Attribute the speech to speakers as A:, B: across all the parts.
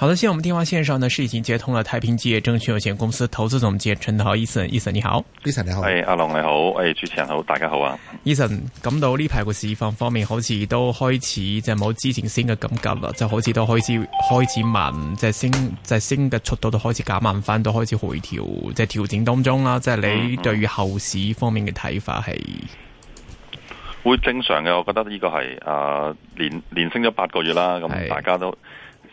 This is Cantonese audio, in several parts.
A: 好的，現我們電話線上呢是已經接通了太平基業證券有限公司投資總監陳德豪。e a s o n e s o n 你好，Eason 你好，係
B: 阿龍你好，誒、hey, 主持人好，大家好啊。
A: Eason 感到呢排個市況方面好似都開始即係冇之前升嘅感覺啦，就好似都開始開始慢，即係升即係升嘅速度都開始減慢翻，都開始回調，即係調整當中啦。即、就、係、是、你對於後市方面嘅睇法係、
B: 嗯嗯、會正常嘅，我覺得呢個係誒、呃、連連升咗八個月啦，咁大家都。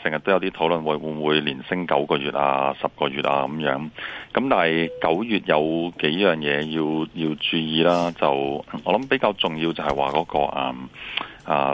B: 成日都有啲討論，會會唔會連升九個月啊，十個月啊咁樣，咁但係九月有幾樣嘢要要注意啦，就我諗比較重要就係話嗰個啊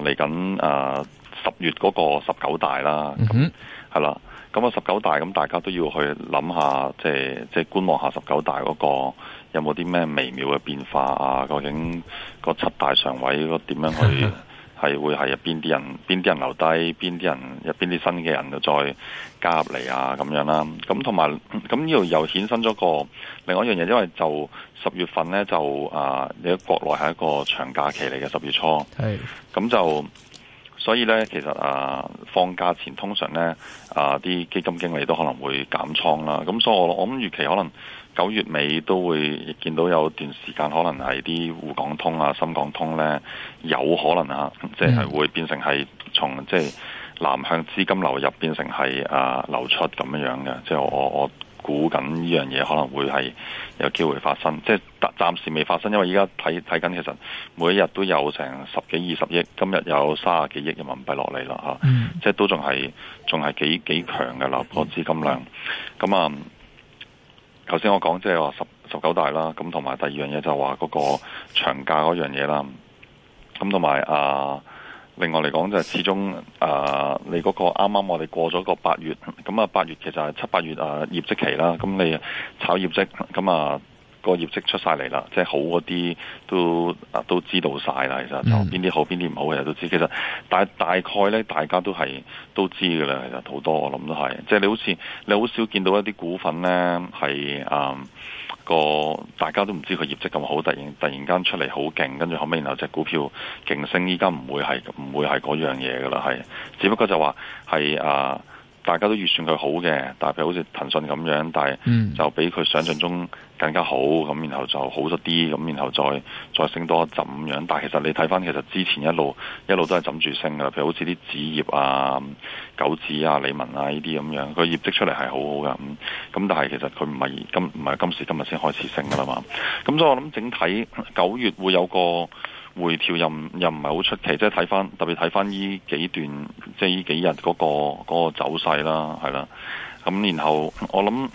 B: 嚟緊啊十月嗰個十九大啦，咁係、嗯、哼啦，咁啊十九大，咁大家都要去諗下，即係即係觀望下十九大嗰個有冇啲咩微妙嘅變化啊？究竟個七大常委嗰點樣去？ 係會係入邊啲人，邊啲人留低，邊啲人入，邊啲新嘅人就再加入嚟啊，咁樣啦。咁同埋咁呢度又衍生咗個另外一樣嘢，因為就十月份咧就啊，你喺國內係一個長假期嚟嘅十月初，咁是就所以咧其實啊放假前通常咧啊啲基金經理都可能會減倉啦。咁、啊、所以我我諗預期可能。九月尾都會見到有段時間，可能係啲滬港通啊、深港通呢，有可能嚇、啊，即係會變成係從即係南向資金流入變成係啊流出咁樣樣嘅。即係我我估緊呢樣嘢可能會係有機會發生，即係暫時未發生，因為而家睇睇緊，其實每一日都有成十幾二十億，今日有三十幾億人民幣落嚟啦嚇，啊嗯、即係都仲係仲係幾幾強嘅流過資金量，咁、嗯、啊。嗯頭先我講即係話十十九大啦，咁同埋第二樣嘢就係話嗰個長假嗰樣嘢啦，咁同埋啊，另外嚟講就係、是、始終啊，你嗰個啱啱我哋過咗個八月，咁、嗯、啊八月其實係七八月啊業績期啦，咁、嗯、你炒業績，咁、嗯、啊。個業績出晒嚟啦，即係好嗰啲都啊都知道晒啦，其實就邊啲、mm. 好邊啲唔好嘅人都知。其實大大概咧，大家都係都知嘅啦，其實好多我諗都係。即係你好似你好少見到一啲股份咧係啊個大家都唔知佢業績咁好，突然突然間出嚟好勁，跟住後尾然後隻股票勁升，依家唔會係唔會係嗰樣嘢嘅啦，係只不過就話係啊。大家都預算佢好嘅，但譬如好似騰訊咁樣，但係就比佢想象中更加好咁，然後就好咗啲，咁然後再再升多一陣咁樣。但係其實你睇返，其實之前一路一路都係枕住升噶啦，譬如好似啲紙業啊、九紙啊、理文啊呢啲咁樣，佢業績出嚟係好好噶。咁咁但係其實佢唔係今唔係今時今日先開始升噶啦嘛。咁所以我諗整體九月會有個。回調又又唔係好出奇，即係睇翻特別睇翻呢幾段，即係呢幾日嗰個嗰個走勢啦，係啦。咁然後我諗，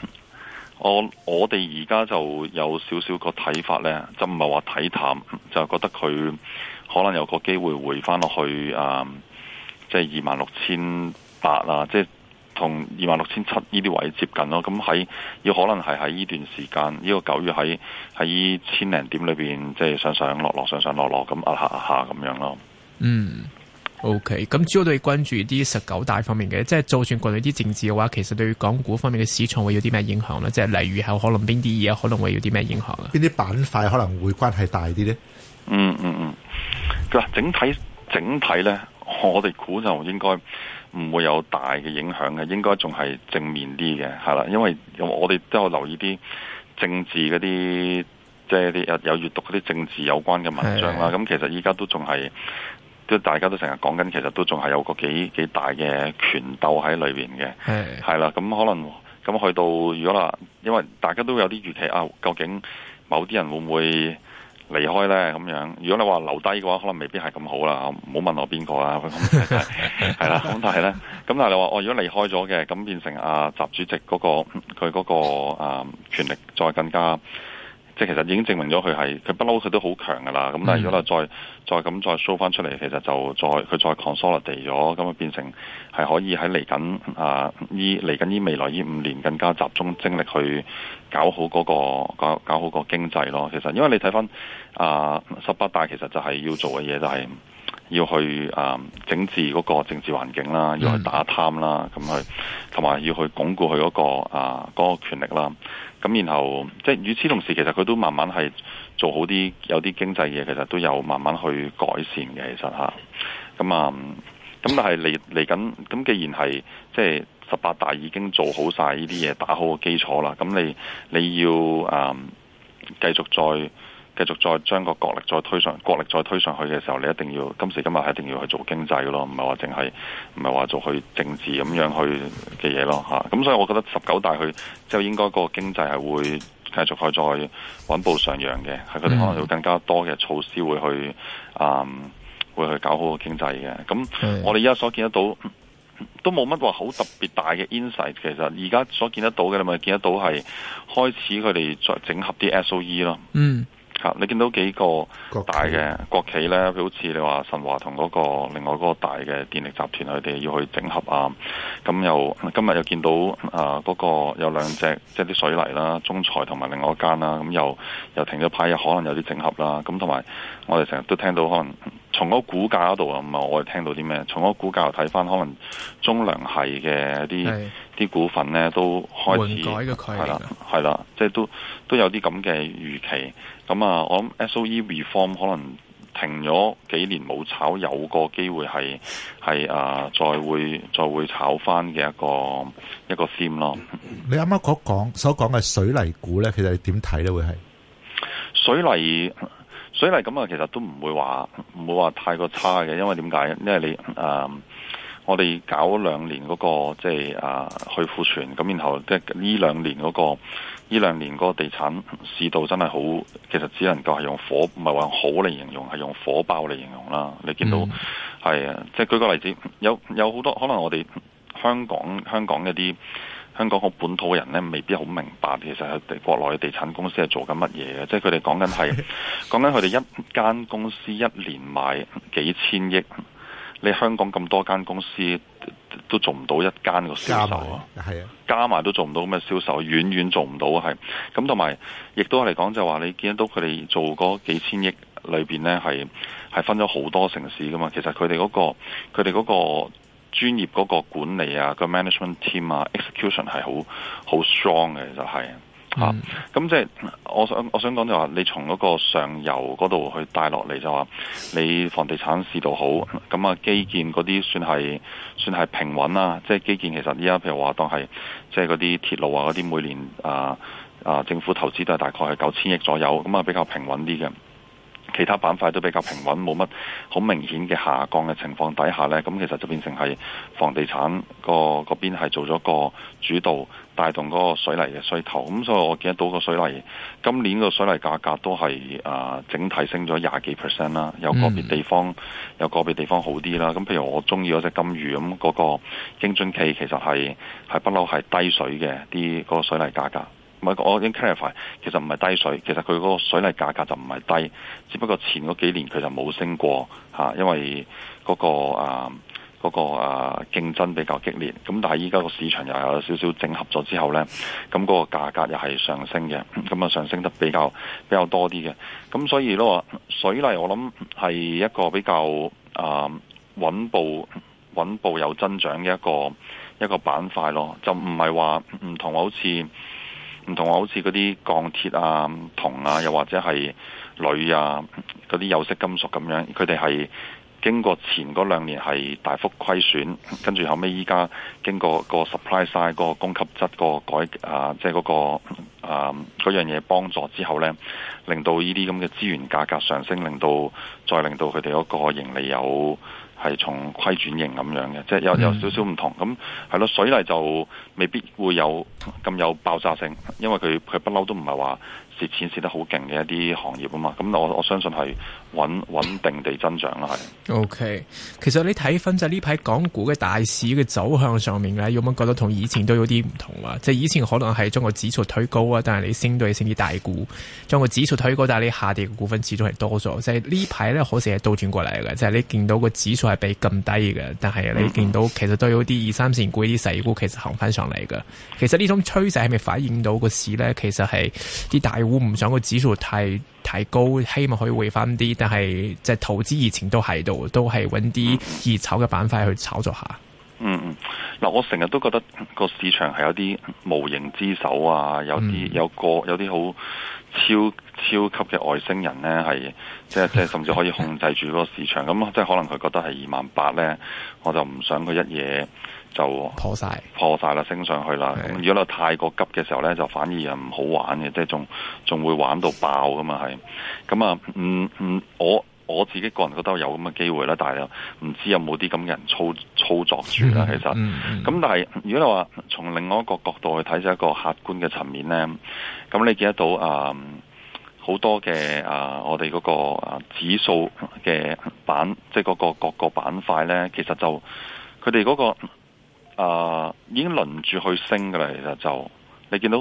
B: 我我哋而家就有少少個睇法呢，就唔係話睇淡，就覺得佢可能有個機會回翻落去，嗯，即係二萬六千八啊，即係。同二萬六千七呢啲位接近咯，咁喺要可能係喺呢段時間，呢個九月喺喺千零點裏邊，即係上上落落，上上落落，咁壓下壓下咁樣咯。嗯
A: ，OK，咁主要都要關注啲十九大方面嘅，即係就算關注啲政治嘅話，其實對港股方面嘅市場會有啲咩影響咧？即係例如後可能邊啲嘢可能會有啲咩影響啊？邊啲板塊可能會關係大啲咧？嗯嗯
B: 嗯，嗱，整體整體咧，我哋估就應該。唔會有大嘅影響嘅，應該仲係正面啲嘅，係啦，因為我哋都有留意啲政治嗰啲，即係啲有有閲讀嗰啲政治有關嘅文章啦。咁是的 其實依家都仲係，都大家都成日講緊，其實都仲係有個幾幾大嘅權鬥喺裏邊嘅，係啦是的。咁、嗯、可能咁、嗯、去到，如果啦，因為大家都有啲預期啊，究竟某啲人會唔會？離開咧咁樣，如果你話留低嘅話，可能未必係咁好啦。唔好問我邊個啊，係啦、就係。咁 但係咧，咁但係你話，我、哦、如果離開咗嘅，咁變成阿、啊、習主席嗰、嗰個佢嗰、嗰個啊、呃、權力再更加。即係其實已經證明咗佢係，佢不嬲佢都好強噶啦。咁但係如果話再再咁再 show 翻出嚟，其實就再佢再 consolidate 咗，咁啊變成係可以喺嚟緊啊呢嚟緊呢未來呢五、啊、年更加集中精力去搞好嗰、嗰個搞搞好個經濟咯。其實因為你睇翻啊十八大其實就係要做嘅嘢就係、係。要去啊、呃、整治嗰個政治環境啦，要去打貪啦，咁去同埋要去鞏固佢嗰、嗰個啊嗰、呃嗰個權力啦。咁然後即係與此同時，其實佢都慢慢係做好啲有啲經濟嘢，其實都有慢慢去改善嘅。其實吓，咁啊，咁但係嚟嚟緊咁，既然係即係十八大已經做好晒呢啲嘢，打好個基礎啦，咁你你要啊、呃、繼續再。繼續再將個國力再推上，國力再推上去嘅時候，你一定要今時今日係一定要去做經濟咯，唔係話淨係唔係話做去政治咁樣去嘅嘢咯嚇。咁、啊啊、所以我覺得十九大佢即係應該個經濟係會繼續再去再穩步上揚嘅，係佢哋可能有更加多嘅措施會去啊，會去搞好個經濟嘅。咁、啊 mm. 我哋而家所見得到都冇乜話好特別大嘅 insight，其實而家所見得到嘅你咪見得到係開始佢哋再整合啲 S O E 咯。嗯。Mm. 你見到幾個大嘅國企呢，好似你話神華同嗰、嗰個另外嗰個大嘅電力集團，佢哋要去整合啊！咁、嗯、又今日又見到啊嗰、呃嗰個有兩隻即係啲水泥啦、中材同埋另外一間啦，咁、嗯、又又停咗牌，又可能有啲整合啦。咁同埋我哋成日都聽到可能。從嗰股價嗰度啊，唔係我哋聽到啲咩？從嗰股價又睇翻，可能中糧系嘅一啲啲股份咧，都開始係啦，係啦，即係、就是、都都有啲咁嘅預期。咁啊，我諗 S O E reform 可能停咗幾年冇炒，有個機會係係啊，再會再會炒翻嘅一個一個 theme 咯。
A: 你啱啱講所講嘅水泥股咧，其實你點睇咧？會係
B: 水泥？所以嚟咁啊，其實都唔會話唔會話太過差嘅，因為點解？因為你啊、呃，我哋搞兩年嗰個即係啊、呃、去庫存，咁然後即係呢兩年嗰個呢兩年嗰個地產市道真係好，其實只能夠係用火唔係話好嚟形容，係用火爆嚟形容啦。你見到係啊、嗯，即係舉個例子，有有好多可能我哋香港香港一啲。香港個本土人咧，未必好明白，其實佢哋國內地產公司係做緊乜嘢嘅？即係佢哋講緊係講緊佢哋一間公司一年賣幾千億，你香港咁多間公司都做唔到一間個銷售啊！係啊，加埋都做唔到咁嘅銷售，遠遠做唔到係。咁同埋亦都嚟講，就話你見到佢哋做嗰幾千億裏邊呢，係係分咗好多城市噶嘛。其實佢哋嗰個佢哋嗰個。專業嗰個管理啊，嗰個 management team 啊，execution 係好好 strong 嘅就係、是、嚇，咁即係我想我想講就話、是、你從嗰個上游嗰度去帶落嚟就話、是、你房地產市道好，咁啊基建嗰啲算係算係平穩啊。即、就、係、是、基建其實依家譬如話當係即係嗰啲鐵路啊嗰啲每年啊啊政府投資都係大概係九千億左右，咁啊比較平穩啲嘅。其他板塊都比較平穩，冇乜好明顯嘅下降嘅情況底下咧，咁其實就變成係房地產個嗰邊係做咗個主導帶動嗰個水泥嘅需求。咁所以我見得到個水泥今年個水泥價格都係啊、呃、整體升咗廿幾 percent 啦，有個別地方有個別地方好啲啦。咁譬如我中意嗰隻金魚咁，嗰個京津冀其實係係不嬲係低水嘅啲、嗰個水泥價格。唔係我已經 clarify，其實唔係低水，其實佢嗰個水泥價格就唔係低，只不過前嗰幾年佢就冇升過嚇、啊，因為嗰、那個啊嗰、那個、啊競爭比較激烈。咁、嗯、但係依家個市場又有少少整合咗之後呢，咁、嗯、嗰、那個價格又係上升嘅，咁、嗯、啊、嗯、上升得比較比較多啲嘅。咁、嗯、所以都話水泥，我諗係一個比較啊穩步穩步有增長嘅一個一個板塊咯，就唔係話唔同好似。唔同我好似嗰啲鋼鐵啊、銅啊，又或者係鋁啊嗰啲有色金屬咁樣，佢哋係經過前嗰兩年係大幅虧損，跟住後尾，依家經過個 surprise 曬個供給側個改啊，即係嗰個啊嗰樣嘢幫助之後呢，令到呢啲咁嘅資源價格上升，令到再令到佢哋嗰個盈利有。係從規轉型咁樣嘅，即係有有少少唔同咁，係咯，水泥就未必會有咁有爆炸性，因為佢佢不嬲都唔係話。係展示得好勁嘅一啲行業啊嘛，咁我我相信係穩穩定地增長啦，係。
A: O K，其實你睇分就呢排港股嘅大市嘅走向上面咧，有冇覺得同以前都有啲唔同啊？即係以前可能係將個指數推高啊，但係你升到係升啲大股，將個指數推高，但係你下跌嘅股份始終係多咗。即係呢排咧，好似係倒轉過嚟嘅，即係你見到個指數係被撳低嘅，但係你見到其實都有啲二三線股、啲細股其實行翻上嚟嘅。其實呢種趨勢係咪反映到個市咧？其實係啲大我唔想個指數太太高，希望可以回翻啲。但係即係投資熱情都喺度，都係揾啲熱炒嘅板塊去炒作下。
B: 嗯嗯，嗱，我成日都覺得個市場係有啲無形之手啊，有啲有個有啲好超超級嘅外星人咧，係即係即係甚至可以控制住嗰個市場。咁 即係可能佢覺得係二萬八咧，我就唔想佢一嘢。就破晒，破晒了啦，升上去啦。是如果你太過急嘅時候咧，就反而又唔好玩嘅，即係仲仲會玩到爆噶嘛係。咁啊，嗯嗯，我我自己個人覺得有咁嘅機會啦，但係又唔知有冇啲咁嘅人操操作住啦。其實，咁、嗯嗯、但係如果你話從另外一個角度去睇，就一個客觀嘅層面咧，咁你見得到啊，好多嘅啊，我哋嗰個啊指數嘅板，即係、那、嗰個各個板塊咧，其實就佢哋嗰個。啊，uh, 已經輪住去升嘅啦，其實就你見到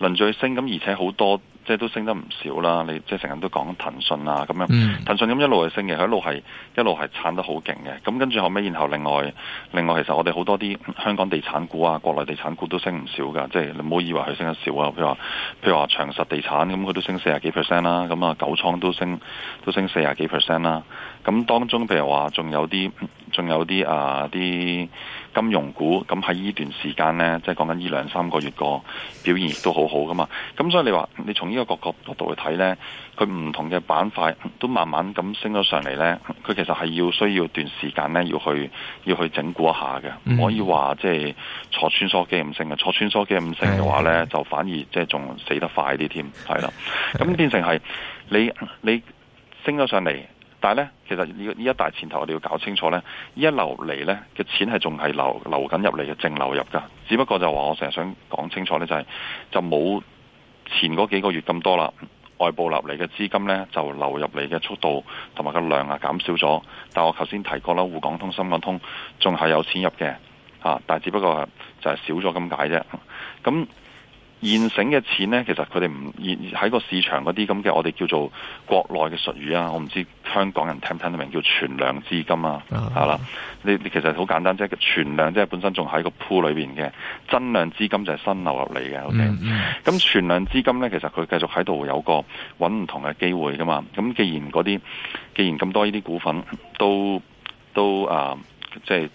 B: 輪住去升，咁而且好多即係都升得唔少啦。你即係成日都講騰訊啊，咁樣、mm. 騰訊咁一路係升嘅，佢一路係一路係產得好勁嘅。咁跟住後尾，然後另外另外，其實我哋好多啲香港地產股啊，國內地產股都升唔少噶。即係你唔好以為佢升得少啊。譬如話譬如話長實地產咁，佢都升四十幾 percent 啦。咁啊，九倉都升都升四十幾 percent 啦。咁當中，譬如話，仲有啲，仲有啲啊，啲金融股，咁喺呢段時間呢，即係講緊呢兩三個月個表現亦都好好噶嘛。咁所以你話，你從呢個角角度去睇呢，佢唔同嘅板塊都慢慢咁升咗上嚟呢。佢其實係要需要段時間呢，要去要去整固一下嘅，唔、mm hmm. 可以話即係坐穿梭機唔成嘅。坐穿梭機唔成嘅話呢，mm hmm. 就反而即係仲死得快啲添，係啦。咁、mm hmm. 變成係你你，你升咗上嚟。但係咧，其實呢呢一大前頭，我哋要搞清楚咧，依一流嚟咧嘅錢係仲係流流緊入嚟嘅淨流入噶，只不過就話我成日想講清楚咧，就係、是、就冇前嗰幾個月咁多啦，外部流嚟嘅資金咧就流入嚟嘅速度同埋個量啊減少咗，但我頭先提過啦，滬港通、深港通仲係有錢入嘅嚇、啊，但係只不過就係少咗咁解啫，咁。現成嘅錢咧，其實佢哋唔現喺個市場嗰啲咁嘅，我哋叫做國內嘅術語啊，我唔知香港人聽唔聽得明，叫存量資金啊，係啦，你 其實好簡單，即係存量，即係本身仲喺個鋪裏邊嘅，增量資金就係新流入嚟嘅，OK，咁存 量資金咧，其實佢繼續喺度有個揾唔同嘅機會噶嘛。咁既然嗰啲，既然咁多呢啲股份都都啊，即係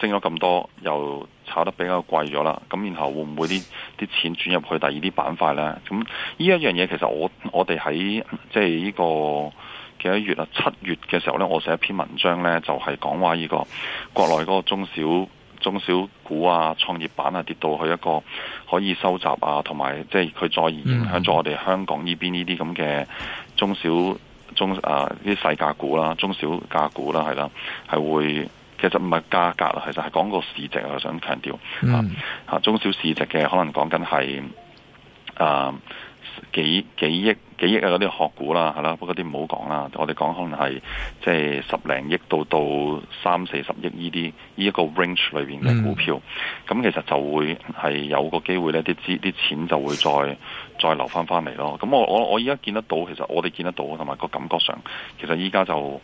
B: 升咗咁多，又。炒得比較貴咗啦，咁然後會唔會啲啲錢轉入去第二啲板塊呢？咁呢一樣嘢其實我我哋喺即係呢個幾多月啊？七月嘅時候呢，我寫一篇文章呢，就係講話呢個國內嗰個中小中小股啊、創業板啊跌到去一個可以收集啊，同埋即係佢再而影響咗我哋香港呢邊呢啲咁嘅中小中啊啲細價股啦、啊、中小價股啦、啊，係啦，係會。其實唔係價格啊，其實係講個市值我想強調、嗯、啊，想強調嚇嚇中小市值嘅，可能講緊係啊幾幾億幾億啊嗰啲學股啦，係啦，不過啲唔好講啦。我哋講可能係即係十零億到到三四十億呢啲呢一個 range 裏邊嘅股票，咁、嗯、其實就會係有個機會呢啲資啲錢就會再再流翻翻嚟咯。咁我我我依家見得到，其實我哋見得到，同埋個感覺上，其實依家就。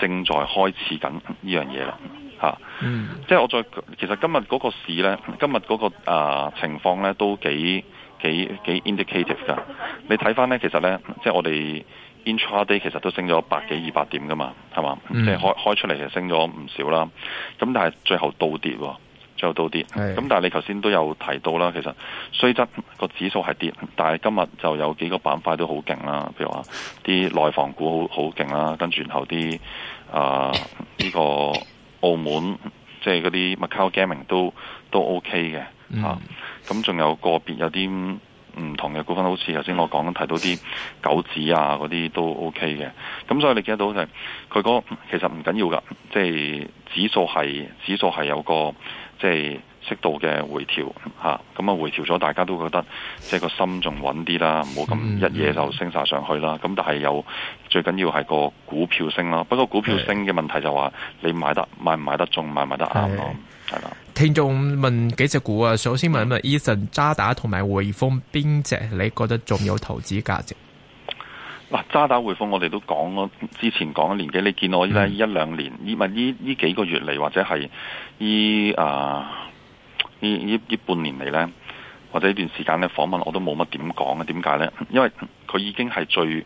B: 正在開始緊呢樣嘢啦，嚇、啊！Mm. 即係我再其實今日嗰個市咧，今日嗰、嗰個、呃、情況咧都幾幾幾 indicative 㗎。你睇翻咧，其實咧，即係我哋 intraday 其實都升咗百幾二百點㗎嘛，係嘛？Mm. 即係開開出嚟其實升咗唔少啦，咁但係最後倒跌喎、哦。就都跌，咁是但係你頭先都有提到啦。其實雖則個指數係跌，但係今日就有幾個板塊都好勁啦。譬如話啲內房股好好勁啦，跟住然後啲啊呢個澳門即係嗰啲 Macau Gaming 都都 OK 嘅嚇。咁仲、嗯啊、有個別有啲唔同嘅股份，好似頭先我講緊提到啲九指啊嗰啲都 OK 嘅。咁所以你記得到就係、是、佢、那個其實唔緊要噶，即係指數係指數係有個。即係適度嘅回調吓，咁，啊回調咗，大家都覺得即係個心仲穩啲啦，唔好咁一嘢就升晒上去啦。咁、嗯嗯、但係有最緊要係個股票升啦。不過股票升嘅問題就話你買得買唔買得中，買唔買得啱咯，
A: 係啦、嗯。的聽眾問幾隻股啊？首先問一問 Eason，渣打同埋匯豐邊隻你覺得仲有投資價值？
B: 嗱，渣打匯豐我哋都講咗，之前講一年幾，你見我呢一兩年，呢咪呢呢幾個月嚟，或者係呢啊呢呢半年嚟呢，或者呢段時間呢訪問我都冇乜點講嘅，點解呢？因為佢已經係最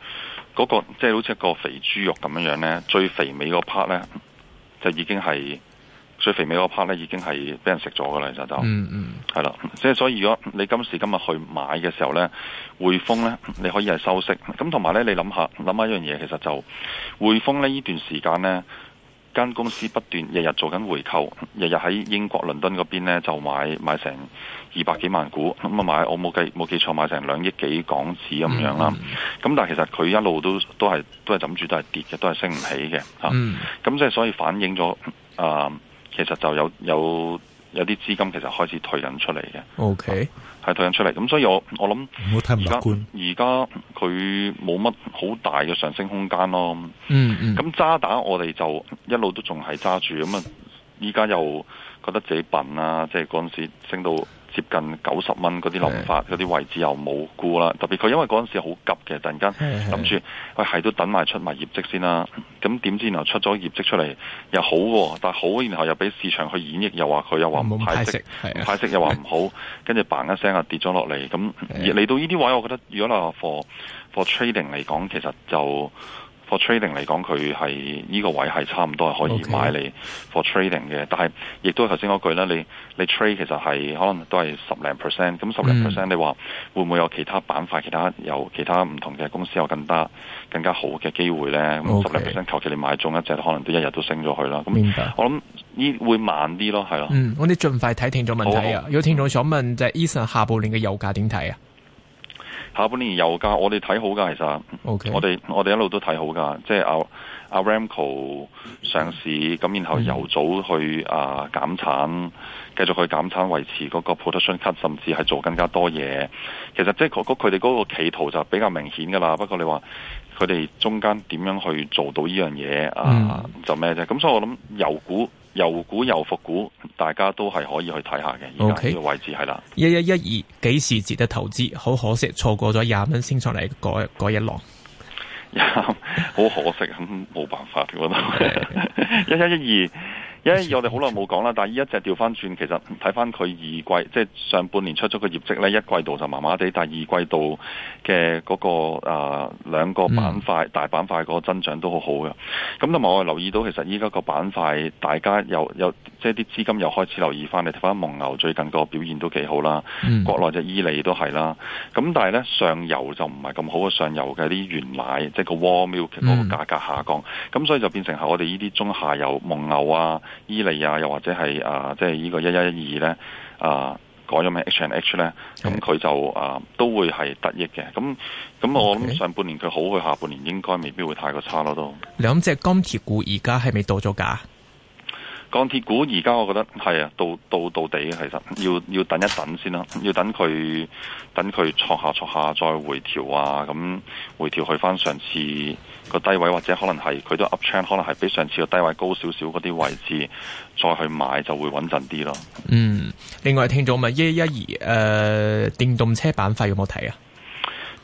B: 嗰個，即係好似個肥豬肉咁樣樣呢，最肥美嗰 part 呢，就已經係。所以肥美嗰 part 咧已經係俾人食咗嘅啦，就就、嗯，嗯嗯，係啦，即係所以如果你今時今日去買嘅時候咧，匯豐咧你可以係收息，咁同埋咧你諗下諗下一樣嘢，其實就匯豐咧呢段時間咧間公司不斷日日做緊回購，日日喺英國倫敦嗰邊咧就買買成二百幾萬股，咁啊買我冇記冇記錯買成兩億幾港紙咁樣啦，咁、嗯、但係其實佢一路都都係都係枕住都係跌嘅，都係升唔起嘅嚇，咁即係所以反映咗啊。呃其實就有有有啲資金其實開始退緊出嚟嘅，OK，係退緊出嚟。咁所以我我諗而家而家佢冇乜好大嘅上升空間咯、嗯。嗯嗯，咁渣打我哋就一路都仲係揸住，咁啊，依家又覺得自己笨啊，即係嗰陣時升到。接近九十蚊嗰啲樓發嗰啲位置又冇沽啦，特別佢因為嗰陣時好急嘅，突然間諗住喂，係都等埋出埋業績先啦。咁點知然後出咗業績出嚟又好、啊，但係好然後又俾市場去演繹，又話佢又話唔派息，派息，息又話唔好，跟住 bang 一聲啊跌咗落嚟。咁嚟是的 到呢啲位，我覺得如果 for, for trading 嚟講，其實就。for trading 嚟講，佢係呢個位係差唔多係可以買嚟 Okay. for trading 嘅。但係亦都頭先嗰句啦，你你 trade 其實係可能都係十零 percent。咁十零 percent、mm. 你話會唔會有其他板塊、其他有其他唔同嘅公司有更加更加好嘅機會咧？咁 Okay. 十零 percent 求其你買中一隻，可能都一日都升咗去啦。咁我諗呢會慢啲咯，係咯、嗯。
A: 我哋盡快睇聽眾問題啊！有聽眾想問，就係、Eason 下半年嘅油價點睇啊？
B: 下半年油價我哋睇好噶，其實，Okay. 我哋我哋一路都睇好噶，即係阿、啊、阿、啊、Ramco 上市，咁然後由早去啊呃、減產，繼續去減產維持嗰個 production cut，甚至係做更加多嘢。其實即係佢哋嗰個企圖就比較明顯噶啦。不過你話佢哋中間點樣去做到呢樣嘢啊？就咩啫？咁所以我諗油股。又股又復股，大家都係可以去睇下嘅。而家呢個位置係啦，
A: 一一一二，幾時值得投資？好可惜錯過咗廿蚊升上嚟嗰一浪，
B: 好 可惜，咁冇辦法嘅我都一一一二。因為我哋好耐冇講啦，但係依一隻調翻轉，其實睇翻佢二季，即係上半年出咗個業績咧，一季度就麻麻地，但係二季度嘅嗰、嗰個啊、呃、兩個板塊、嗯、大板塊個增長都好好嘅。咁同埋我哋留意到，其實依家個板塊大家又又即係啲資金又開始留意翻，你睇翻蒙牛最近個表現都幾好啦。國內就伊利都係啦。咁但係咧上游就唔係咁好嘅上游嘅啲原奶，即係個 raw milk 嗰個價格下降，咁、嗯、所以就變成係我哋呢啲中下游蒙牛啊。伊利啊，又或者係啊，即係呢個一一一二咧啊，改咗名 H and H 咧、呃，咁佢是的 就啊、呃、都會係得益嘅。咁咁我諗上半年佢好過下半年應該未必會太過差咯。都
A: 兩隻鋼鐵股而家係咪到咗價？
B: 鋼鐵股而家我覺得係啊，到到到底，其實要要等一等先啦，要等佢等佢挫下挫下再回調啊，咁回調去翻上次個低位，或者可能係佢都 up t r a n d 可能係比上次個低位高少少嗰啲位置再去買就會穩陣啲咯。嗯，
A: 另外聽眾咪一一二誒，電動車板塊有冇睇啊？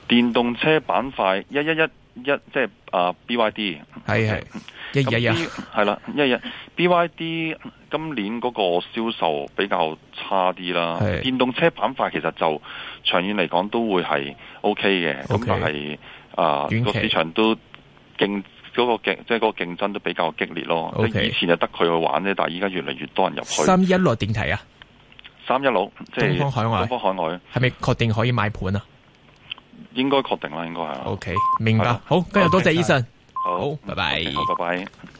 B: 電動車板塊一一一一，即係啊 BYD
A: 係係。的 Okay. 一
B: 日啊，係啦，一日 BYD 今年嗰個銷售比較差啲啦。電動車板塊其實就長遠嚟講都會係 OK 嘅，咁但係啊個市場都競個競即係嗰個競爭都比較激烈咯。即係以前就得佢去玩啫，但係依家越嚟越多人入去。三一六點睇啊，三一六，即係東方海外，東方海外
A: 係咪確定可以買盤啊？
B: 應該確定啦，應該係。O K，明白。好，今日多謝醫生。好，拜拜，好，拜拜。